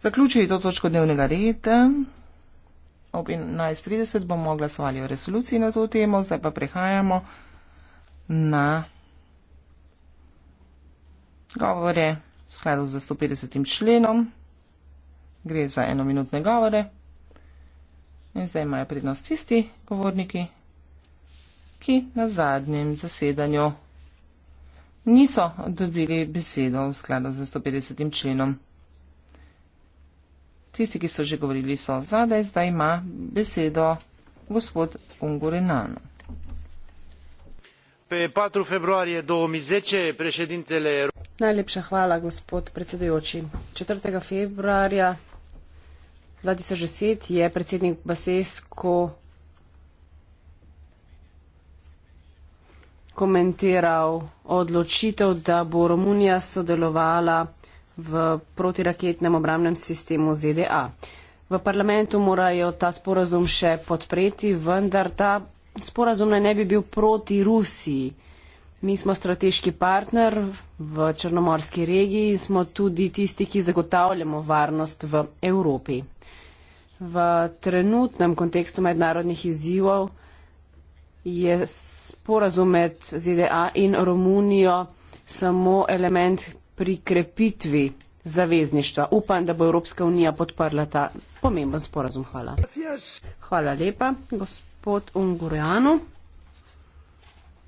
Zaključili to točko dnevnega reda. Ob 11.30 bomo glasovali o resoluciji na to temo, zdaj pa prehajamo na govore v skladu z 150. členom. Gre za enominutne govore. In zdaj imajo prednost tisti govorniki, ki na zadnjem zasedanju niso dobili besedo v skladu z 150. členom. Tisti, ki so že govorili, so zadaj, zdaj ima besedo gospod Ungurenan. Najlepša hvala, gospod predsedujoči. 4. februarja 2010 je predsednik Basesko komentiral odločitev, da bo Romunija sodelovala v protiraketnem obramnem sistemu ZDA. V parlamentu morajo ta sporazum še podpreti, vendar ta sporazum naj ne bi bil proti Rusiji. Mi smo strateški partner v Črnomorski regiji in smo tudi tisti, ki zagotavljamo varnost v Evropi. V trenutnem kontekstu mednarodnih izzivov je sporazum med ZDA in Romunijo samo element, pri krepitvi zavezništva. Upam, da bo Evropska unija podprla ta pomemben sporazum. Hvala. Hvala lepa, gospod Ungurjanu.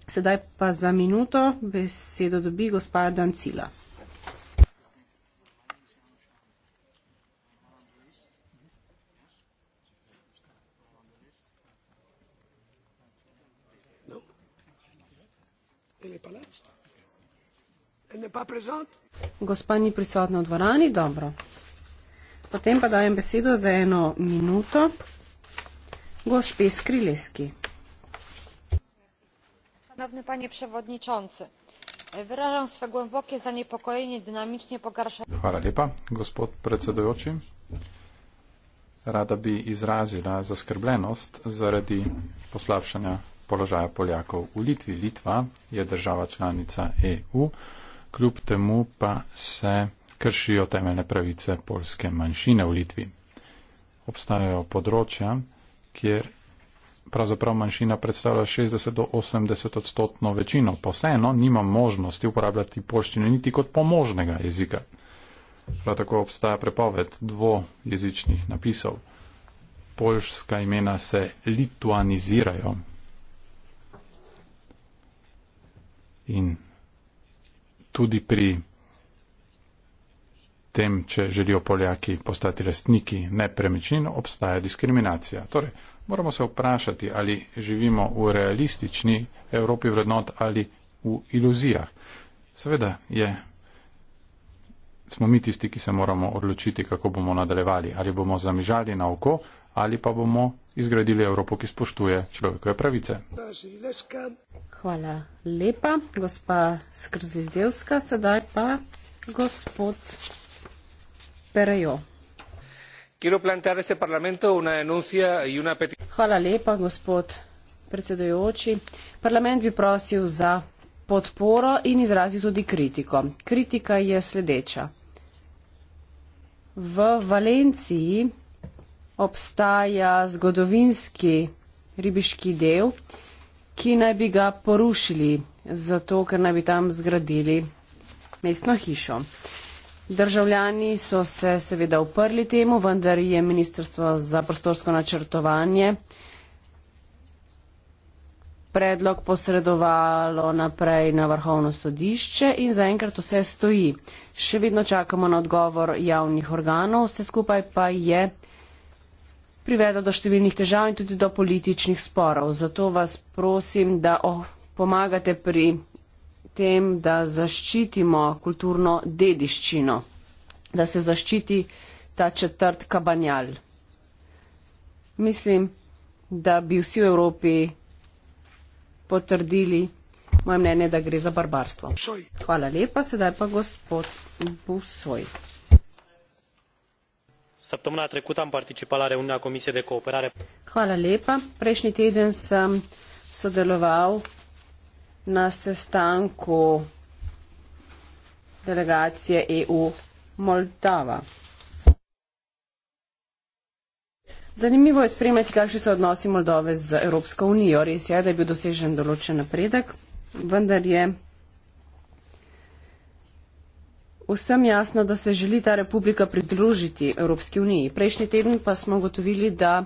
Sedaj pa za minuto besedo dobi gospa Dancila. Gospa ni prisotna v dvorani, dobro. Potem pa dajem besedo za eno minuto gospe Skrileski. Panowny panie przewodniczący, wyrażam swe głębokie zaniepokojenie dynamicznie pogarszającym. Hvala lepa, gospod predsedujoči. Rada bi izrazila zaskrbljenost zaradi poslabšanja položaja Poljakov v Litvi. Litva je država članica EU kljub temu pa se kršijo temeljne pravice polske manjšine v Litvi. Obstajajo področja, kjer pravzaprav manjšina predstavlja 60 do 80 odstotno večino, pa vseeno nima možnosti uporabljati polščine niti kot pomožnega jezika. Prav tako obstaja prepoved dvojezičnih napisov. Polska imena se lituanizirajo. In tudi pri tem, če želijo Poljaki postati lastniki nepremičnin, obstaja diskriminacija. Torej, moramo se vprašati, ali živimo v realistični Evropi vrednot ali v iluzijah. Seveda je, smo mi tisti, ki se moramo odločiti, kako bomo nadaljevali, ali bomo zamižali na oko ali pa bomo izgradili Evropo, ki spoštuje človekove pravice. Hvala lepa, gospa Skrzljedevska, sedaj pa gospod Perejo. Hvala lepa, gospod predsedujoči. Parlament bi prosil za podporo in izrazil tudi kritiko. Kritika je sledeča. V Valenciji obstaja zgodovinski ribiški del, ki naj bi ga porušili, zato ker naj bi tam zgradili mestno hišo. Državljani so se seveda uprli temu, vendar je Ministrstvo za prostorsko načrtovanje predlog posredovalo naprej na vrhovno sodišče in zaenkrat vse stoji. Še vedno čakamo na odgovor javnih organov, vse skupaj pa je privedlo do številnih težav in tudi do političnih sporov. Zato vas prosim, da pomagate pri tem, da zaščitimo kulturno dediščino, da se zaščiti ta četrt kabanjal. Mislim, da bi vsi v Evropi potrdili moje mnenje, da gre za barbarstvo. Hvala lepa, sedaj pa gospod Busoj săptămâna trecută am participat la reuniunea comisiei de cooperare Hvala lepa. Prejšnji teden sem sodeloval na sestanku delegacije EU Moldava. Zanimivo je spremljati, kakšni so odnosi Moldove z Evropsko unijo. Res je, da je bil dosežen določen napredek, vendar je vsem jasno, da se želi ta republika pridružiti Evropski uniji. Prejšnji teden pa smo ugotovili, da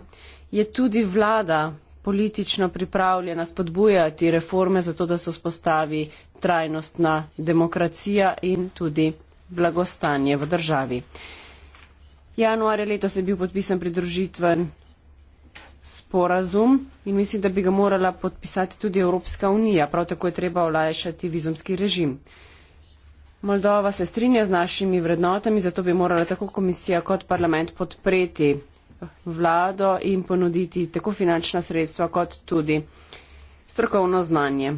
je tudi vlada politično pripravljena spodbujati reforme zato, da se vzpostavi trajnostna demokracija in tudi blagostanje v državi. Januarja letos je bil podpisan pridružitven sporazum in mislim, da bi ga morala podpisati tudi Evropska unija. Prav tako je treba olajšati vizumski režim. Moldova se strinja z našimi vrednotami, zato bi morala tako komisija kot parlament podpreti vlado in ponuditi tako finančna sredstva kot tudi strokovno znanje.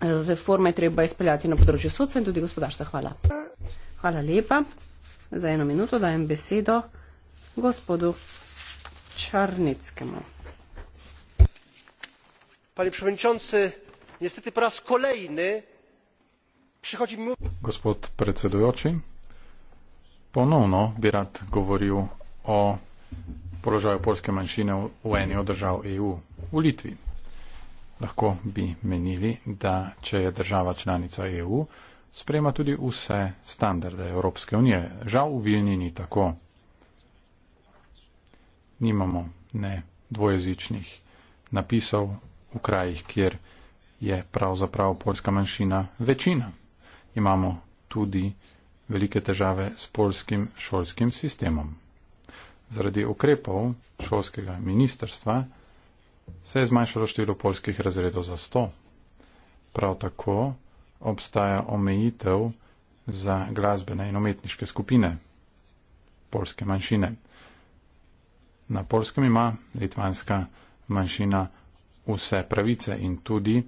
Reforme treba izpeljati na področju sodstva in tudi gospodarstva. Hvala. Hvala lepa. Za eno minuto dajem besedo gospodu Črnickemu. Pani predsedujoči, nestete pras kolejne. Przychodzi mi... Gospod predsedujoči, ponovno bi rad govoril o položaju polske manjšine v eni od držav EU, v Litvi. Lahko bi menili, da če je država članica EU, sprejema tudi vse standarde Evropske unije. Žal v Vilni ni tako. Nimamo ne dvojezičnih napisov v krajih, kjer je pravzaprav polska manjšina večina imamo tudi velike težave s polskim šolskim sistemom. Zaradi ukrepov šolskega ministerstva se je zmanjšalo število polskih razredov za 100. Prav tako obstaja omejitev za glasbene in umetniške skupine polske manjšine. Na polskem ima litvanska manjšina vse pravice in tudi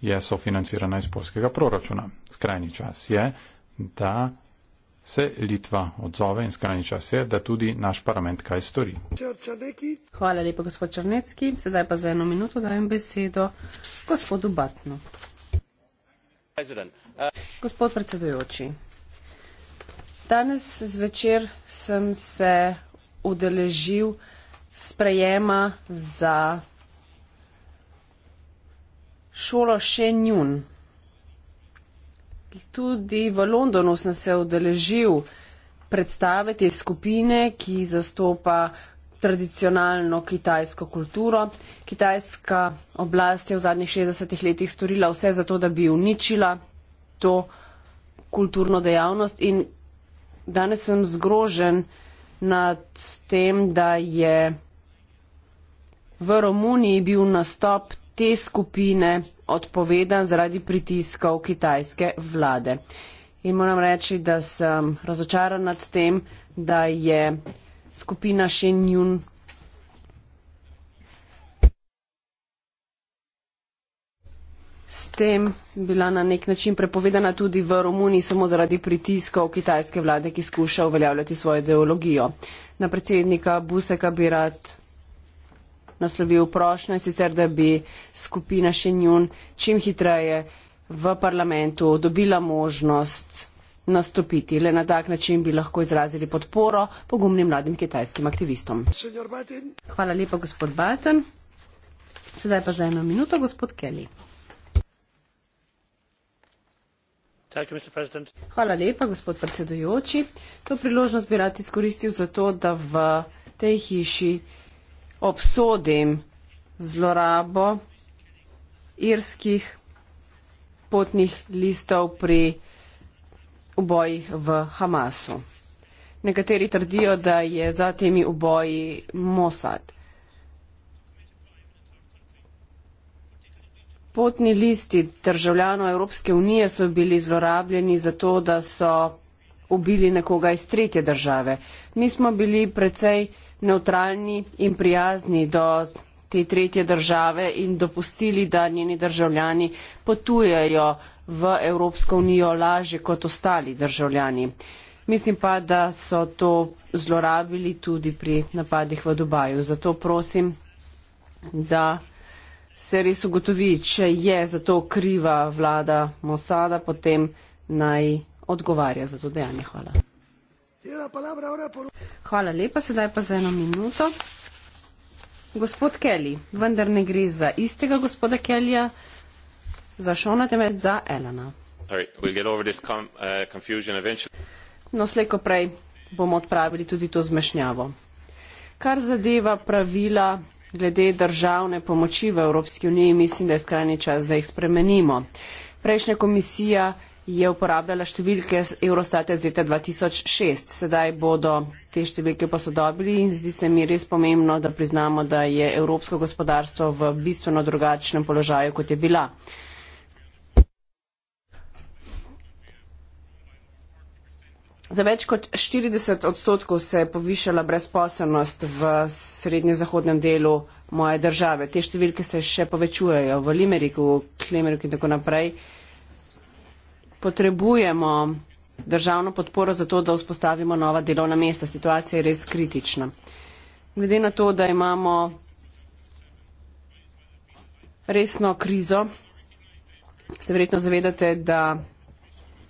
je sofinancirana iz polskega proračuna. Skrajni čas je, da se Litva odzove in skrajni čas je, da tudi naš parlament kaj stori. Hvala lepa, gospod Črnecki. Sedaj pa za eno minuto dajem besedo gospodu Batnu. Gospod predsedujoči, danes zvečer sem se udeležil sprejema za šolo Shenyun. Tudi v Londonu sem se udeležil predstave te skupine, ki zastopa tradicionalno kitajsko kulturo. Kitajska oblast je v zadnjih 60 letih storila vse za to, da bi uničila to kulturno dejavnost in danes sem zgrožen nad tem, da je v Romuniji bil nastop te skupine odpovedan zaradi pritiskov kitajske vlade. In moram reči, da sem razočaran nad tem, da je skupina Šenjun. tem bila na nek način prepovedana tudi v Romuniji samo zaradi pritiskov kitajske vlade, ki skuša uveljavljati svojo ideologijo. Na predsednika Buseka bi rad naslovil prošnjo in sicer, da bi skupina Šenjun čim hitreje v parlamentu dobila možnost nastopiti. Le na tak način bi lahko izrazili podporo pogumnim mladim kitajskim aktivistom. Hvala lepa, gospod Batten. Sedaj pa za eno minuto, gospod Kelly. Hvala lepa, gospod predsedujoči. To priložnost bi rad izkoristil za to, da v tej hiši obsodim zlorabo irskih potnih listov pri ubojih v Hamasu. Nekateri trdijo, da je za temi uboji Mossad. Potni listi državljanov Evropske unije so bili zlorabljeni zato, da so ubili nekoga iz tretje države. Mi smo bili precej nevtralni in prijazni do te tretje države in dopustili, da njeni državljani potujejo v Evropsko unijo lažje kot ostali državljani. Mislim pa, da so to zlorabili tudi pri napadih v Dubaju. Zato prosim, da se res ugotovi, če je za to kriva vlada Mosada, potem naj odgovarja za to dejanje. Hvala. Hvala lepa, sedaj pa za eno minuto. Gospod Kelly, vendar ne gre za istega gospoda Kellyja, za Šona, temveč za Elena. Uh, no, slejko prej bomo odpravili tudi to zmešnjavo. Kar zadeva pravila glede državne pomoči v Evropski uniji, mislim, da je skrajni čas, da jih spremenimo. Prejšnja komisija je uporabljala številke Eurostata iz leta 2006. Sedaj bodo te številke posodobili in zdi se mi res pomembno, da priznamo, da je evropsko gospodarstvo v bistveno drugačnem položaju, kot je bila. Za več kot 40 odstotkov se je povišala brezposobnost v srednjezahodnem delu moje države. Te številke se še povečujejo v Limeriku, Klemeriku in tako naprej potrebujemo državno podporo za to, da vzpostavimo nova delovna mesta. Situacija je res kritična. Glede na to, da imamo resno krizo, se verjetno zavedate, da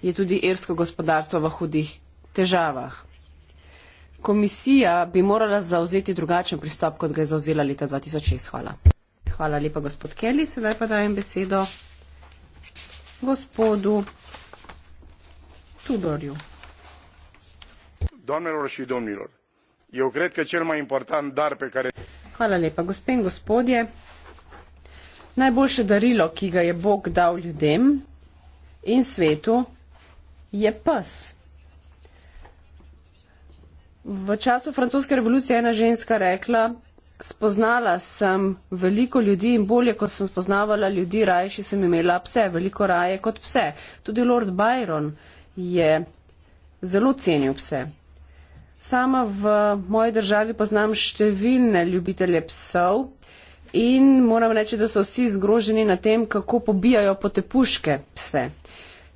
je tudi irsko gospodarstvo v hudih težavah. Komisija bi morala zauzeti drugačen pristop, kot ga je zauzela leta 2006. Hvala. Hvala lepa, gospod Kelly. Sedaj pa dajem besedo gospodu tudoriu. Doamnelor și domnilor, eu cred că cel mai important dar pe care... Hvala lepa, gospe in gospodje. Najboljše darilo, ki ga je Bog dal ljudem in svetu, je pes. V času francoske revolucije je ena ženska rekla, spoznala sem veliko ljudi in bolje, ko sem spoznavala ljudi, rajši sem imela pse, veliko raje kot pse. Tudi Lord Byron je zelo cenil pse. Sama v moji državi poznam številne ljubitelje psov in moram reči, da so vsi zgroženi na tem, kako pobijajo potepuške pse.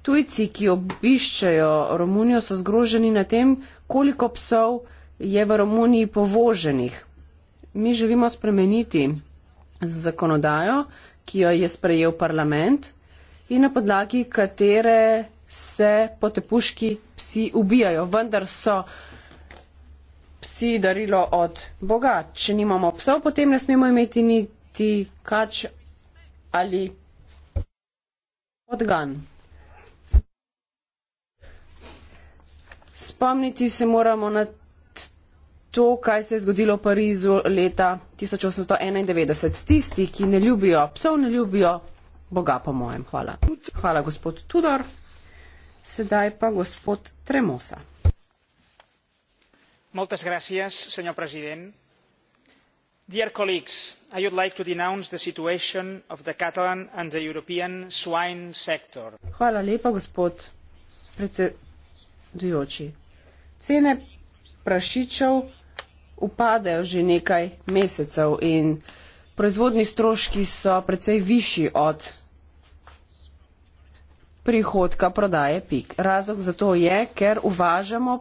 Tujci, ki obiščajo Romunijo, so zgroženi na tem, koliko psov je v Romuniji povoženih. Mi želimo spremeniti z zakonodajo, ki jo je sprejel parlament in na podlagi katere se potepuški psi ubijajo, vendar so psi darilo od Boga. Če nimamo psov, potem ne smemo imeti niti kač ali odgan. Spomniti se moramo na to, kaj se je zgodilo v Parizu leta 1891. Tisti, ki ne ljubijo psov, ne ljubijo Boga, po mojem. Hvala. Hvala, gospod Tudor. Sedaj pa gospod Tremosa. Moltes gràcies, senyor president. Dear colleagues, I would like to denounce the situation of the Catalan and the European swine sector. Hvala lepa, gospod predsedujoči. Cene prašičev upadajo že nekaj mesecev in proizvodni stroški so precej višji od prihodka prodaje pik. Razlog za to je, ker uvažamo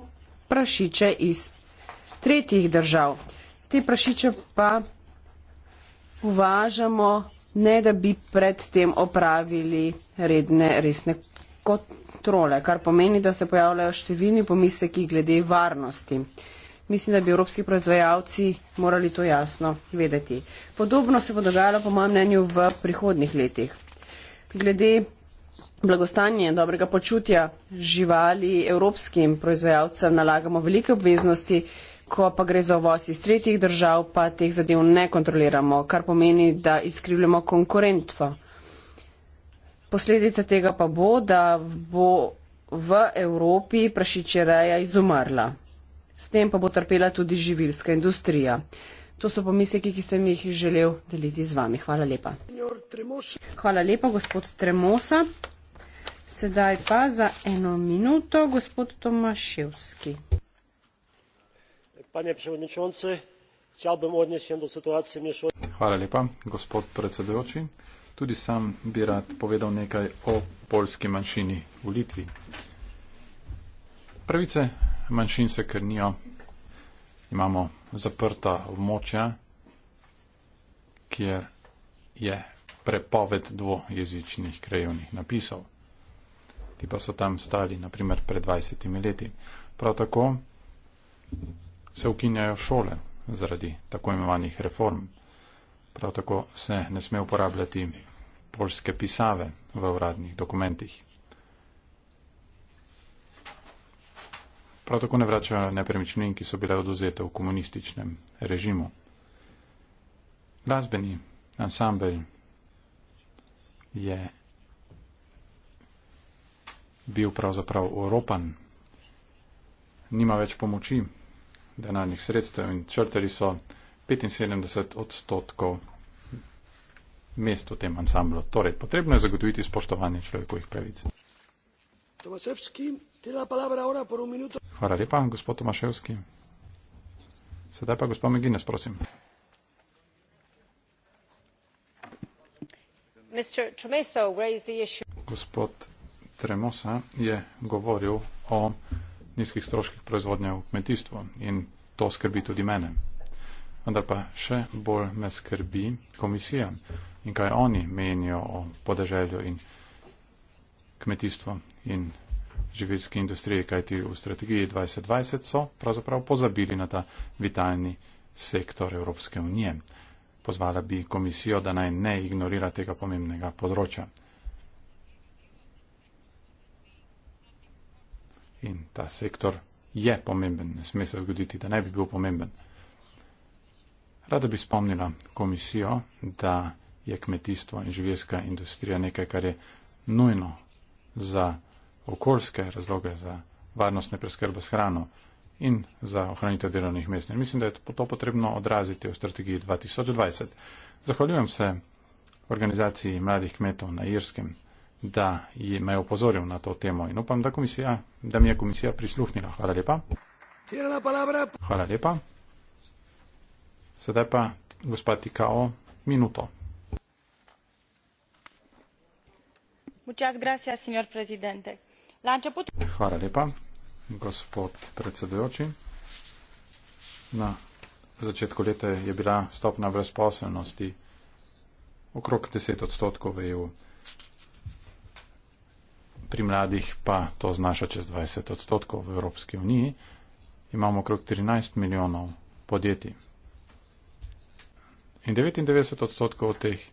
prašiče iz tretjih držav. Te prašiče pa uvažamo ne da bi predtem opravili redne resne kontrole, kar pomeni, da se pojavljajo številni pomisleki glede varnosti. Mislim, da bi evropski proizvajalci morali to jasno vedeti. Podobno se bo dogajalo, po mojem mnenju, v prihodnih letih. Glede blagostanje in dobrega počutja živali evropskim proizvajalcem nalagamo velike obveznosti, ko pa gre za ovoz iz tretjih držav, pa teh zadev ne kontroliramo, kar pomeni, da izkrivljamo konkurentstvo. Posledica tega pa bo, da bo v Evropi prašičereja izumrla. S tem pa bo trpela tudi živilska industrija. To so pomisleki, ki sem jih želel deliti z vami. Hvala lepa. Hvala lepa, gospod Tremosa. Sedaj pa za eno minuto, gospod Tomaševski. Hvala lepa, gospod predsedujoči. Tudi sam bi rad povedal nekaj o polski manjšini v Litvi. Pravice manjšin se krnijo imamo zaprta območja, kjer je prepoved dvojezičnih krajevnih napisov. Ti pa so tam stali, naprimer, pred 20 leti. Prav tako se ukinjajo šole zaradi tako imenovanih reform. Prav tako se ne sme uporabljati polske pisave v uradnih dokumentih. Prav tako ne vračajo nepremičnin, ki so bile oduzete v komunističnem režimu. Glasbeni ansambl je bil pravzaprav oropan, nima več pomoči, denarnih sredstev in črtali so 75 odstotkov mest v tem ansamblu. Torej, potrebno je zagotoviti spoštovanje človekovih pravic. Tomasevski Hvala lepa, gospod Tomaševski. Sedaj pa gospod Megines, prosim. Gospod Tremosa je govoril o nizkih stroških proizvodnje v kmetijstvu in to skrbi tudi mene. Vendar pa še bolj me skrbi komisija in kaj oni menijo o podeželju in kmetijstvu in živilski industriji, kajti v strategiji 2020 so pravzaprav pozabili na ta vitalni sektor Evropske unije. Pozvala bi komisijo, da naj ne ignorira tega pomembnega področja. In ta sektor je pomemben, ne sme se zgoditi, da ne bi bil pomemben. Rada bi spomnila komisijo, da je kmetijstvo in živeska industrija nekaj, kar je nujno za okoljske razloge za varnostne preskrbe s hrano in za ohranitev delovnih mest. Mislim, da je to potrebno odraziti v strategiji 2020. Zahvaljujem se organizaciji mladih kmetov na Irskem, da me je opozoril na to temo in upam, da, komisija, da mi je komisija prisluhnila. Hvala lepa. Hvala lepa. Sedaj pa, gospod Tikao, minuto. Muchas gracias, señor presidente. Hvala lepa, gospod predsedujoči. Na začetku leta je bila stopna brezposelnosti okrog 10 odstotkov v EU. Pri mladih pa to znaša čez 20 odstotkov v Evropski uniji. Imamo okrog 13 milijonov podjetij. In 99 odstotkov od teh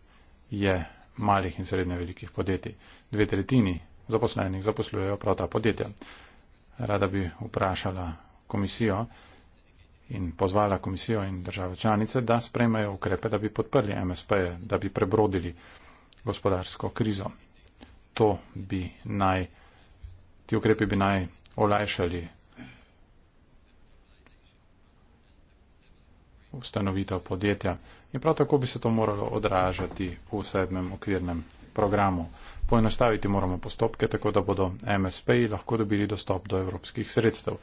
je malih in srednje velikih podjetij. Dve tretjini zaposlenih zaposlujejo prav ta podjetja. Rada bi vprašala komisijo in pozvala komisijo in države članice, da sprejmejo ukrepe, da bi podprli MSP-je, da bi prebrodili gospodarsko krizo. To bi naj, ti ukrepi bi naj olajšali ustanovitev podjetja in prav tako bi se to moralo odražati v sedmem okvirnem programu. Poenostaviti moramo postopke, tako da bodo MSP-ji lahko dobili dostop do evropskih sredstev.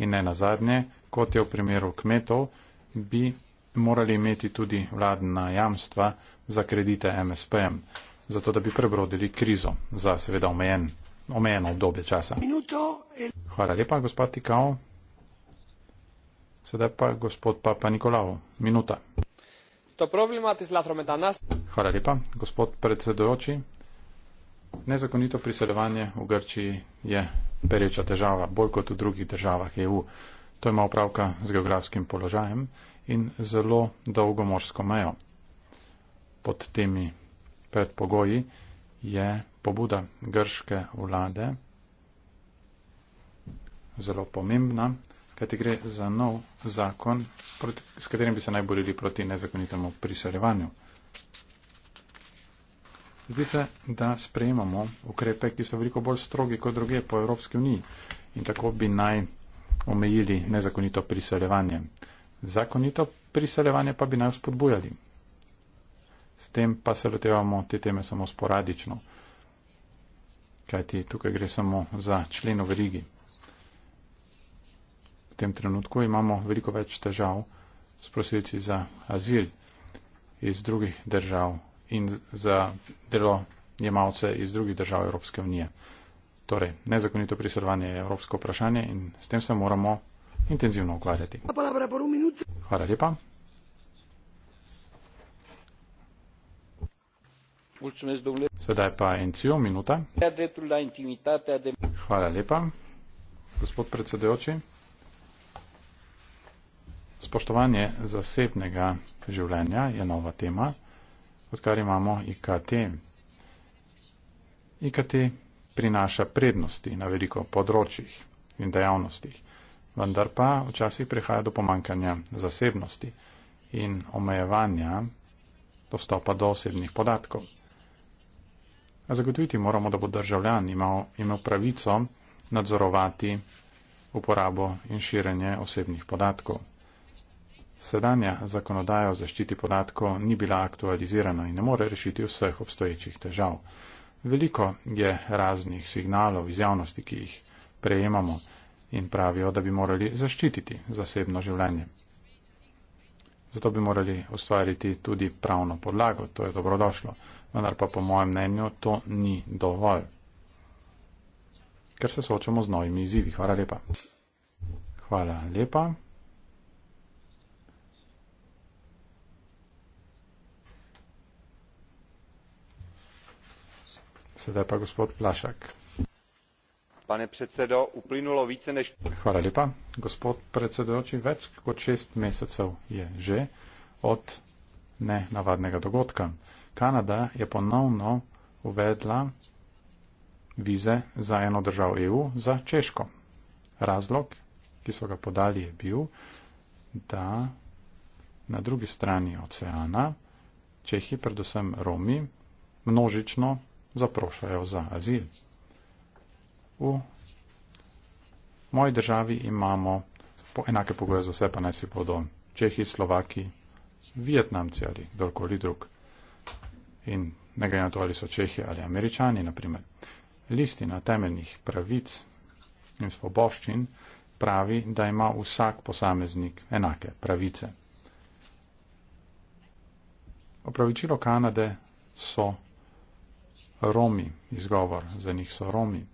In ne nazadnje, kot je v primeru kmetov, bi morali imeti tudi vladna jamstva za kredite MSP-jem, zato da bi prebrodili krizo za seveda omejen, omejeno obdobje časa. Hvala lepa, gospod Tikao. Sedaj pa gospod Papa Nikolao. Minuta. Hvala lepa, gospod predsedojoči. Nezakonito priseljevanje v Grčiji je pereča težava, bolj kot v drugih državah EU. To ima opravka z geografskim položajem in zelo dolgo morsko mejo. Pod temi predpogoji je pobuda grške vlade zelo pomembna, kajti gre za nov zakon, s katerim bi se naj borili proti nezakonitemu priseljevanju zdi se, da sprejemamo ukrepe, ki so veliko bolj strogi kot druge po Evropski uniji in tako bi naj omejili nezakonito priseljevanje. Zakonito priseljevanje pa bi naj spodbujali. S tem pa se lotevamo te teme samo sporadično, kajti tukaj gre samo za členo verigi. V tem trenutku imamo veliko več težav s prosilci za azil iz drugih držav in za delo jemalce iz drugih držav Evropske unije. Torej, nezakonito priseljevanje je evropsko vprašanje in s tem se moramo intenzivno ukvarjati. Hvala lepa. Sedaj pa Encijo, minuta. Hvala lepa, gospod predsedojoči. Spoštovanje zasebnega življenja je nova tema odkar imamo IKT. IKT prinaša prednosti na veliko področjih in dejavnostih, vendar pa včasih prihaja do pomankanja zasebnosti in omejevanja dostopa do osebnih podatkov. Zagotoviti moramo, da bo državljan imel, imel pravico nadzorovati uporabo in širjenje osebnih podatkov. Sedanja zakonodaja o zaščiti podatkov ni bila aktualizirana in ne more rešiti vseh obstoječih težav. Veliko je raznih signalov iz javnosti, ki jih prejemamo in pravijo, da bi morali zaščititi zasebno življenje. Zato bi morali ustvariti tudi pravno podlago, to je dobrodošlo, vendar pa po mojem mnenju to ni dovolj, ker se soočamo z novimi izzivi. Hvala lepa. Hvala lepa. Sedaj pa gospod Plašak. Pane predsedo, uplinulo více než... Hvala lepa. Gospod predsedojoči, več kot šest mesecev je že od nenavadnega dogodka. Kanada je ponovno uvedla vize za eno državo EU za Češko. Razlog, ki so ga podali, je bil, da na drugi strani oceana Čehi, predvsem Romi, množično zaprošajo za azil. V moji državi imamo po enake pogoje za vse, pa naj si bodo Čehi, Slovaki, Vietnamci ali kdorkoli drug. In ne gre na to, ali so Čehi ali Američani, naprimer. Listina temeljnih pravic in svoboščin pravi, da ima vsak posameznik enake pravice. Opravičilo Kanade so Romi, izgovor za njih so Romi.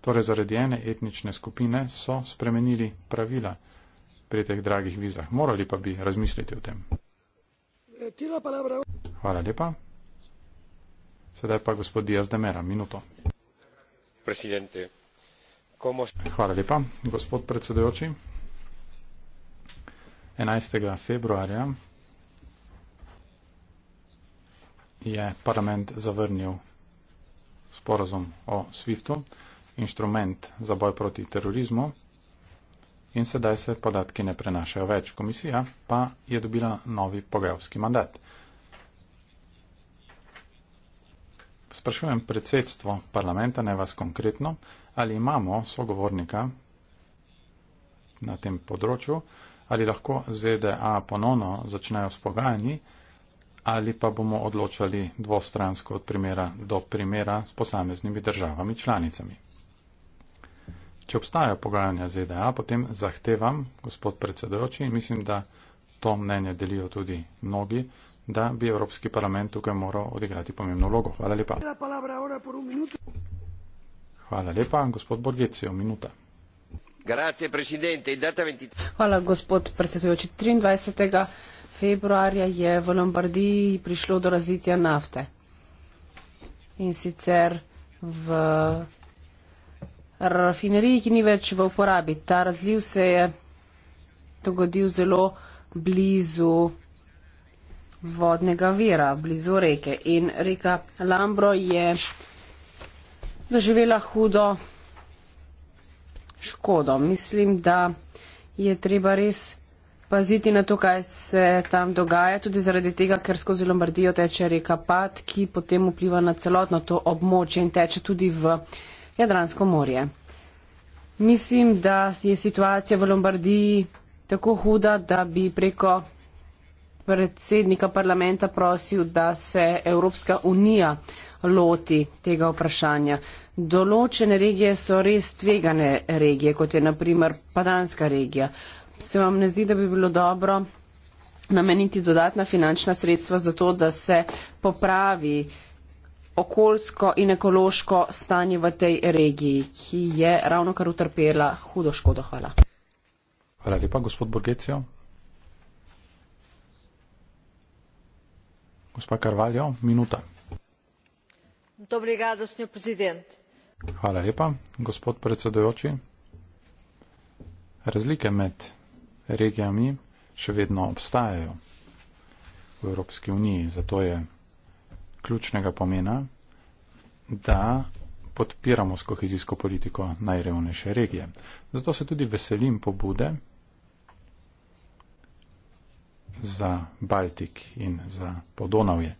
Torej, zaradi ene etnične skupine so spremenili pravila pri teh dragih vizah. Morali pa bi razmisliti o tem. Hvala lepa. Sedaj pa gospod Diaz de Mera, minuto. Hvala lepa, gospod predsedujoči. 11. februarja je parlament zavrnil sporazum o SWIFT-u, inštrument za boj proti terorizmu in sedaj se podatki ne prenašajo več. Komisija pa je dobila novi pogajalski mandat. Sprašujem predsedstvo parlamenta, ne vas konkretno, ali imamo sogovornika na tem področju, ali lahko ZDA ponovno začnejo s pogajanji, ali pa bomo odločali dvostransko od primera do primera s posameznimi državami članicami. Če obstajajo pogajanja ZDA, potem zahtevam, gospod predsedojoči, in mislim, da to mnenje delijo tudi mnogi, da bi Evropski parlament tukaj moral odigrati pomembno vlogo. Hvala lepa. Hvala lepa, gospod Borgecijo, minuta. Hvala, gospod predsedujoči. 23 februarja je v Lombardiji prišlo do razlitja nafte. In sicer v rafineriji, ki ni več v uporabi. Ta razliv se je dogodil zelo blizu vodnega vira, blizu reke. In reka Lambro je doživela hudo škodo. Mislim, da je treba res paziti na to, kaj se tam dogaja, tudi zaradi tega, ker skozi Lombardijo teče reka Pad, ki potem vpliva na celotno to območje in teče tudi v Jadransko morje. Mislim, da je situacija v Lombardiji tako huda, da bi preko predsednika parlamenta prosil, da se Evropska unija loti tega vprašanja. Določene regije so res tvegane regije, kot je naprimer Padanska regija. Uh, se vam ne zdi, da bi bilo dobro nameniti dodatna finančna sredstva za to, da se popravi okoljsko in ekološko stanje v tej regiji, ki je ravno kar utrpela hudo škodo. Hvala. Hvala lepa, gospod Borgecijo. Gospa Karvaljo, minuta. Obrigado, Hvala lepa, gospod predsedujoči. Razlike med regijami še vedno obstajajo v Evropski uniji. Zato je ključnega pomena, da podpiramo s kohezijsko politiko najrevnejše regije. Zato se tudi veselim pobude za Baltik in za Podonavje.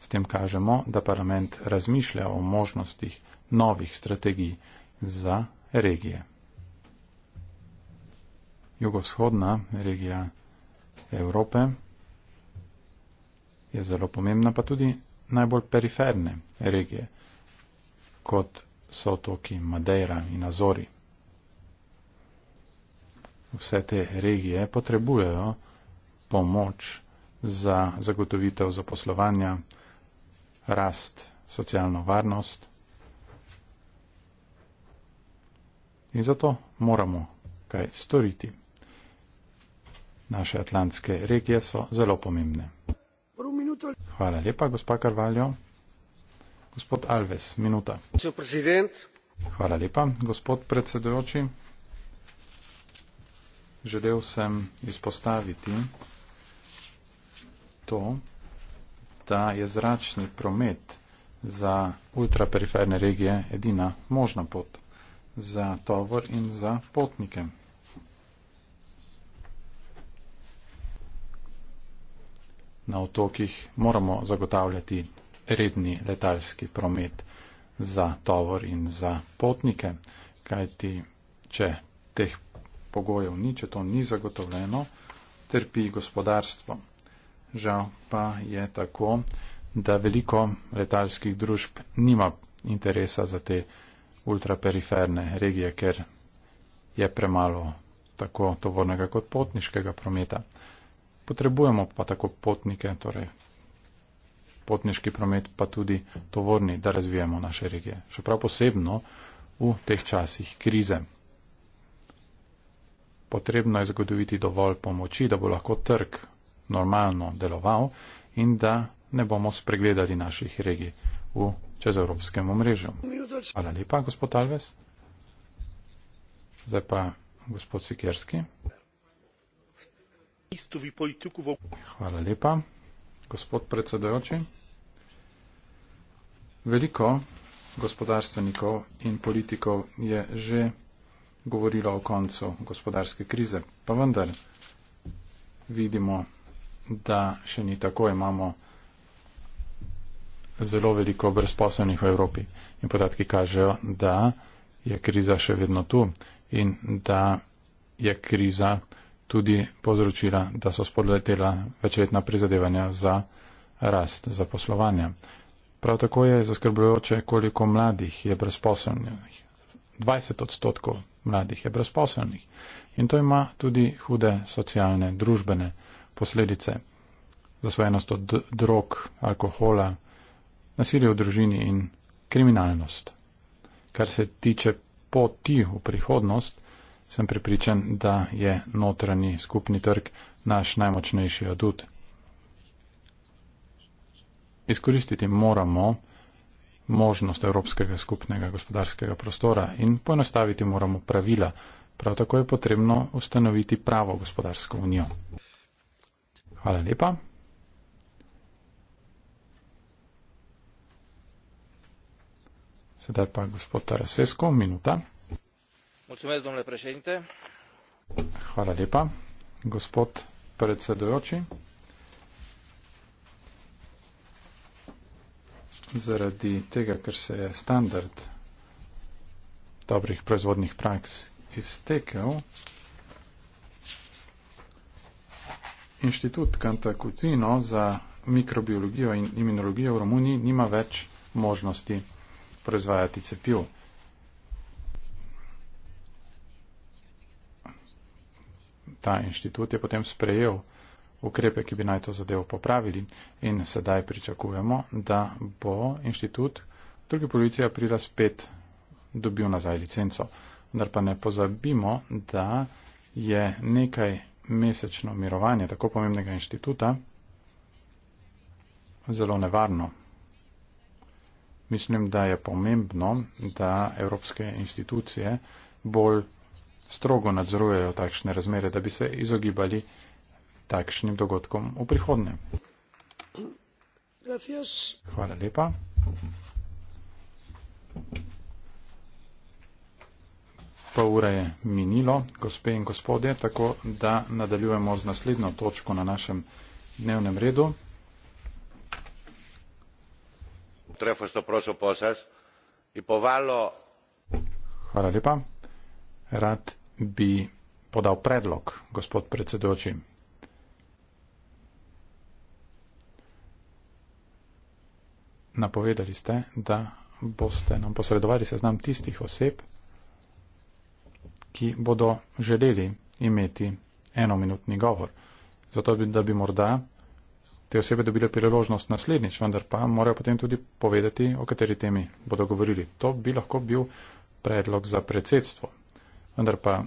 S tem kažemo, da parlament razmišlja o možnostih novih strategij za regije jugovzhodna regija Evrope je zelo pomembna, pa tudi najbolj periferne regije, kot so otoki Madeira in Azori. Vse te regije potrebujejo pomoč za zagotovitev zaposlovanja, rast, socialno varnost in zato moramo kaj storiti naše atlantske regije so zelo pomembne. Hvala lepa, gospa Karvaljo. Gospod Alves, minuta. Hvala lepa, gospod predsedujoči. Želel sem izpostaviti to, da je zračni promet za ultraperiferne regije edina možna pot za tovor in za potnike. na otokih moramo zagotavljati redni letalski promet za tovor in za potnike, kajti če teh pogojev ni, če to ni zagotovljeno, trpi gospodarstvo. Žal pa je tako, da veliko letalskih družb nima interesa za te ultraperiferne regije, ker je premalo tako tovornega kot potniškega prometa. Potrebujemo pa tako potnike, torej potniški promet, pa tudi tovorni, da razvijemo naše regije. Še prav posebno v teh časih krize. Potrebno je zagotoviti dovolj pomoči, da bo lahko trg normalno deloval in da ne bomo spregledali naših regij v čezevropskem omrežju. Hvala lepa, gospod Alves. Zdaj pa gospod Sikerski ministrov in politikov. Hvala lepa, gospod predsedojoči. Veliko gospodarstvenikov in politikov je že govorilo o koncu gospodarske krize, pa vendar vidimo, da še ni tako. Imamo zelo veliko brezposobnih v Evropi in podatki kažejo, da je kriza še vedno tu in da je kriza tudi povzročila, da so spodletela večletna prizadevanja za rast zaposlovanja. Prav tako je zaskrbljujoče, koliko mladih je brezposelnih. 20 odstotkov mladih je brezposelnih. In to ima tudi hude socialne, družbene posledice. Zasvojenost od drog, alkohola, nasilje v družini in kriminalnost. Kar se tiče poti v prihodnost, sem pripričan, da je notranji skupni trg naš najmočnejši adut. Izkoristiti moramo možnost Evropskega skupnega gospodarskega prostora in poenostaviti moramo pravila. Prav tako je potrebno ustanoviti pravo gospodarsko unijo. Hvala lepa. Sedaj pa gospod Tarasesko, minuta. Mulțumesc, domnule președinte. Hvala lepa. Gospod predsedujoči, zaradi tega, ker se je standard dobrih proizvodnih praks iztekel, Inštitut Kanta Kucino za mikrobiologijo in imunologijo v Romuniji nima več možnosti proizvajati cepiv. ta inštitut je potem sprejel ukrepe, ki bi naj to zadevo popravili in sedaj pričakujemo, da bo inštitut druge polovice aprila spet dobil nazaj licenco. Vendar pa ne pozabimo, da je nekaj mesečno mirovanje tako pomembnega inštituta zelo nevarno. Mislim, da je pomembno, da evropske institucije bolj strogo nadzorujejo takšne razmere, da bi se izogibali takšnim dogodkom v prihodnje. Hvala lepa. Pol ure je minilo, gospe in gospodje, tako da nadaljujemo z naslednjo točko na našem dnevnem redu. Hvala lepa rad bi podal predlog, gospod predsedoči. Napovedali ste, da boste nam posredovali seznam tistih oseb, ki bodo želeli imeti enominutni govor. Zato, da bi morda te osebe dobile priložnost naslednjič, vendar pa morajo potem tudi povedati, o kateri temi bodo govorili. To bi lahko bil predlog za predsedstvo vendar pa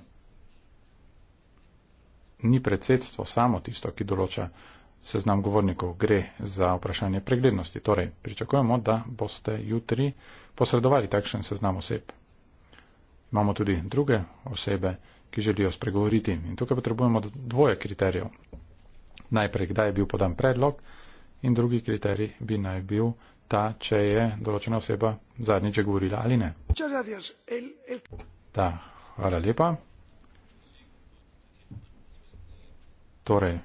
ni predsedstvo samo tisto, ki določa seznam govornikov, gre za vprašanje preglednosti. Torej, pričakujemo, da boste jutri posredovali takšen seznam oseb. Imamo tudi druge osebe, ki želijo spregovoriti in tukaj potrebujemo dvoje kriterijev. Najprej, kdaj je bil podan predlog in drugi kriterij bi naj bil ta, če je določena oseba zadnjič govorila ali ne. Da, Hvala lepa. Torej,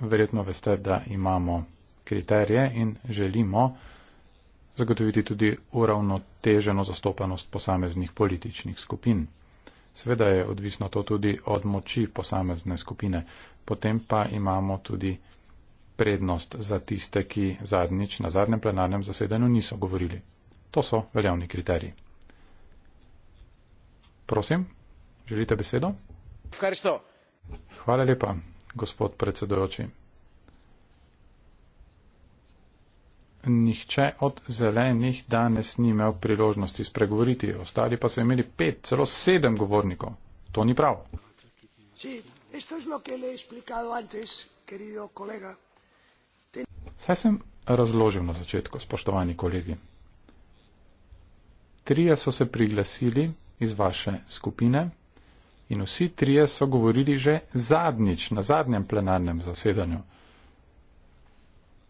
verjetno veste, da imamo kriterije in želimo zagotoviti tudi uravnoteženo zastopanost posameznih političnih skupin. Seveda je odvisno to tudi od moči posamezne skupine, potem pa imamo tudi prednost za tiste, ki zadnjič na zadnjem plenarnem zasedanju niso govorili. To so veljavni kriteriji. Prosim, želite besedo? Hvala lepa, gospod predsedojoči. Nihče od zelenih danes ni imel priložnosti spregovoriti, ostali pa so imeli pet, celo sedem govornikov. To ni prav. Saj sem razložil na začetku, spoštovani kolegi. Trije so se priglasili iz vaše skupine in vsi trije so govorili že zadnjič na zadnjem plenarnem zasedanju.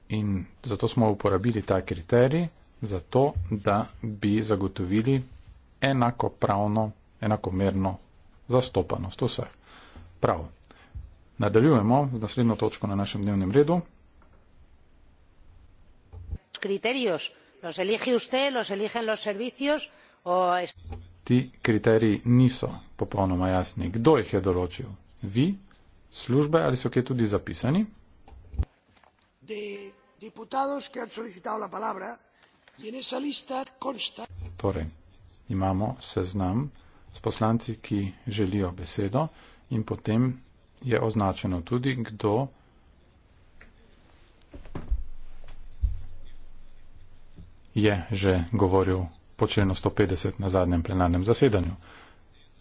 In zato smo uporabili ta kriterij, zato da bi zagotovili enakopravno, enakomerno zastopanost vse. Prav. Nadaljujemo z naslednjo točko na našem dnevnem redu. Kriterijos. Los elige usted, los eligen los servicios o ti kriteriji niso popolnoma jasni. Kdo jih je določil? Vi? Službe ali so kje tudi zapisani? De, torej, imamo seznam s poslanci, ki želijo besedo in potem je označeno tudi, kdo je že govoril počeno 150 na zadnjem plenarnem zasedanju.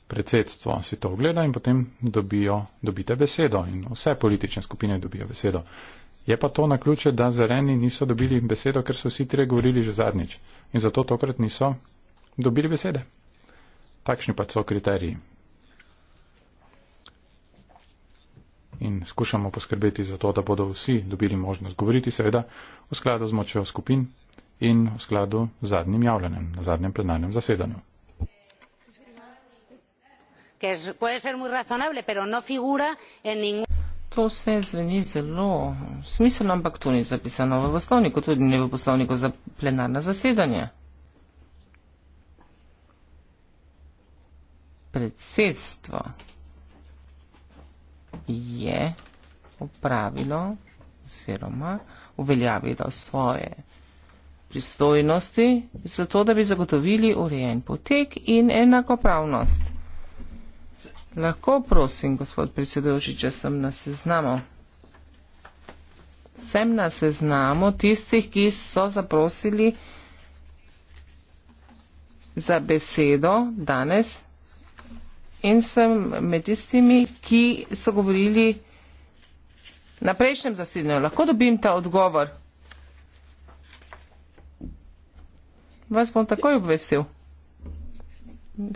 Predsedstvo si to ogleda in potem dobijo, dobite besedo in vse politične skupine dobijo besedo. Je pa to na ključe, da zeleni niso dobili besedo, ker so vsi tri govorili že zadnjič in zato tokrat niso dobili besede. Takšni pa so kriteriji. In skušamo poskrbeti za to, da bodo vsi dobili možnost govoriti, seveda, v skladu z močjo skupin, in v skladu z zadnjim javljanjem na zadnjem plenarnem zasedanju. No to vse zveni zelo smiselno, ampak to ni zapisano v poslovniku, tudi ne v poslovniku za plenarno zasedanje. Predsedstvo je opravilo oziroma uveljavilo svoje pristojnosti, zato da bi zagotovili urejen potek in enakopravnost. Lahko prosim, gospod predsedujoči, če sem na seznamu. Sem na seznamu tistih, ki so zaprosili za besedo danes in sem med tistimi, ki so govorili na prejšnjem zasednju. Lahko dobim ta odgovor. Vas bom takoj obvestil.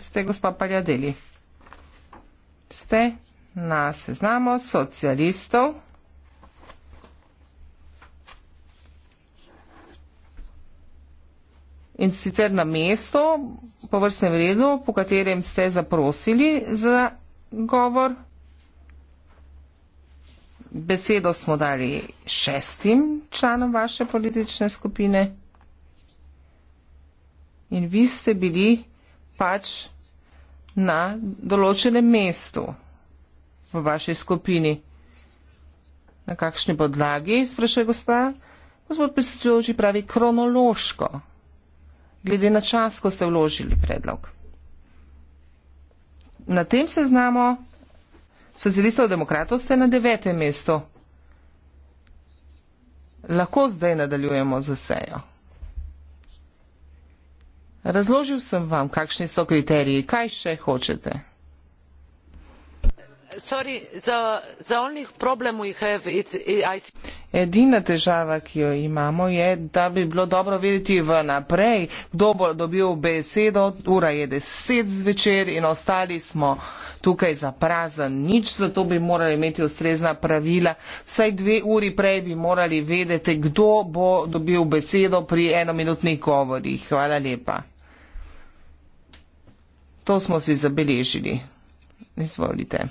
Ste gospa Paljadeli. Ste na seznamu socialistov. In sicer na mesto po vrstnem redu, po katerem ste zaprosili za govor. Besedo smo dali šestim članom vaše politične skupine in vi ste bili pač na določenem mestu v vaši skupini. Na kakšni podlagi, sprašuje gospa? Gospod predsedujoči pravi kronološko, glede na čas, ko ste vložili predlog. Na tem seznamu socialistov demokratov ste na devetem mestu. Lahko zdaj nadaljujemo z sejo. Razložil sem vam, kakšni so kriteriji, kaj še hočete. Sorry, the, the only problem we have is, is, I... Edina težava, ki jo imamo, je, da bi bilo dobro videti vnaprej, kdo bo dobil besedo. Ura je deset zvečer in ostali smo tukaj za prazen nič, zato bi morali imeti ustrezna pravila. Vsaj dve uri prej bi morali vedeti, kdo bo dobil besedo pri enominutnih govorih. Hvala lepa. To smo si zabeležili. Izvolite.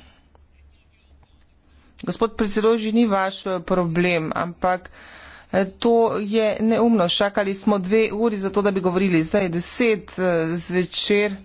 Gospod predsedoži, ni vaš eh, problem, ampak eh, to je neumno. Šakali smo dve uri za to, da bi govorili. Zdaj je deset eh, zvečer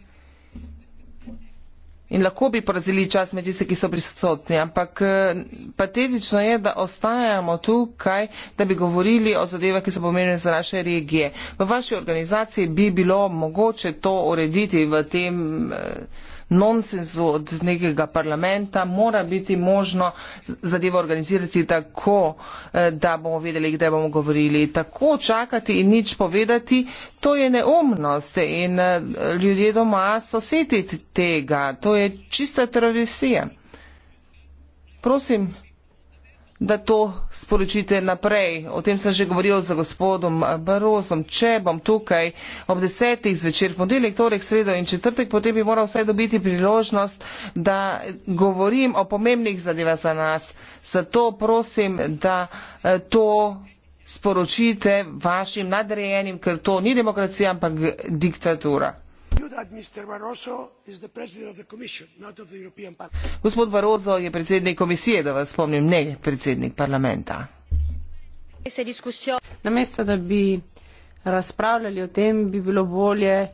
in lahko bi porazili čas med tiste, ki so prisotni, ampak eh, patetično je, da ostajamo tukaj, da bi govorili o zadevah, ki so pomembne za naše regije. V vaši organizaciji bi bilo mogoče to urediti v tem. Eh, nonsensu od nekega parlamenta, mora biti možno zadevo organizirati tako, eh, da bomo vedeli, kdaj bomo govorili. Tako čakati in nič povedati, to je neumnost in eh, ljudje doma so setiti tega. To je čista travesija. Prosim da to sporočite naprej. O tem sem že govoril z gospodom Barozom. Če bom tukaj ob desetih zvečer, ponedeljek, torek, sredo in četrtek, potem bi moral vsaj dobiti priložnost, da govorim o pomembnih zadevah za nas. Zato prosim, da eh, to sporočite vašim nadrejenim, ker to ni demokracija, ampak diktatura gospod barroso je predsednik komisije da vas spomnim ne predsednik parlamenta namesto da bi razpravljali o tem bi bilo bolje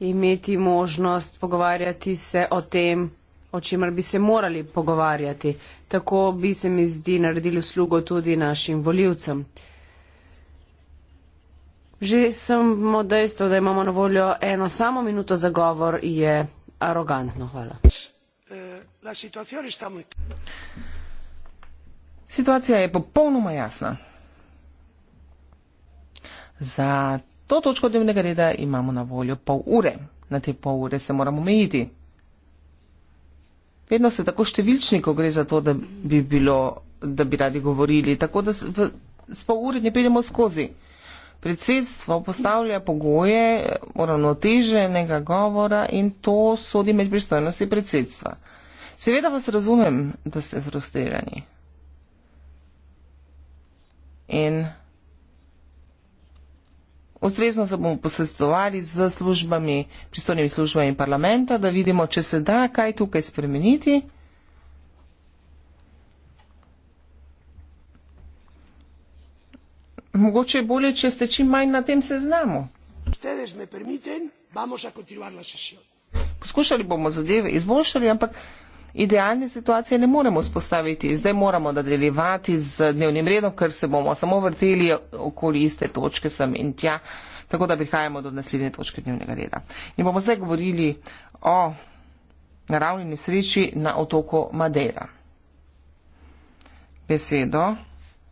imeti možnost pogovarjati se o tem o čemer bi se morali pogovarjati tako bi se mi zdi naredili uslugo tudi našim voljivcem Že samo dejstvo, da imamo na voljo eno samo minuto za govor, je arogantno. Hvala. Eh, Situacija je popolnoma jasna. Za to točko dnevnega reda imamo na voljo pol ure. Na te pol ure se moramo omejiti. Vedno ste tako številčni, ko gre za to, da bi, bilo, da bi radi govorili. Tako da s, v, s pol ure ne peljemo skozi. Predsedstvo postavlja pogoje uravnoteženega govora in to sodi med pristojnosti predsedstva. Seveda vas razumem, da ste frustrirani. In ustrezno se bomo posvetovali z službami, pristojnimi službami parlamenta, da vidimo, če se da kaj tukaj spremeniti. mogoče bolje če ste čim manj na tem seznamu poskušali bomo zadeve izboljšali ampak idealne situacije ne moremo spostaviti zdaj moramo nadaljevati z dnevnim redom ker se bomo samo vrteli okoli iste točke sem in tja tako da prihajamo do naslednje točke dnevnega reda in bomo zdaj govorili o naravni nesreči na otoku Madeira besedo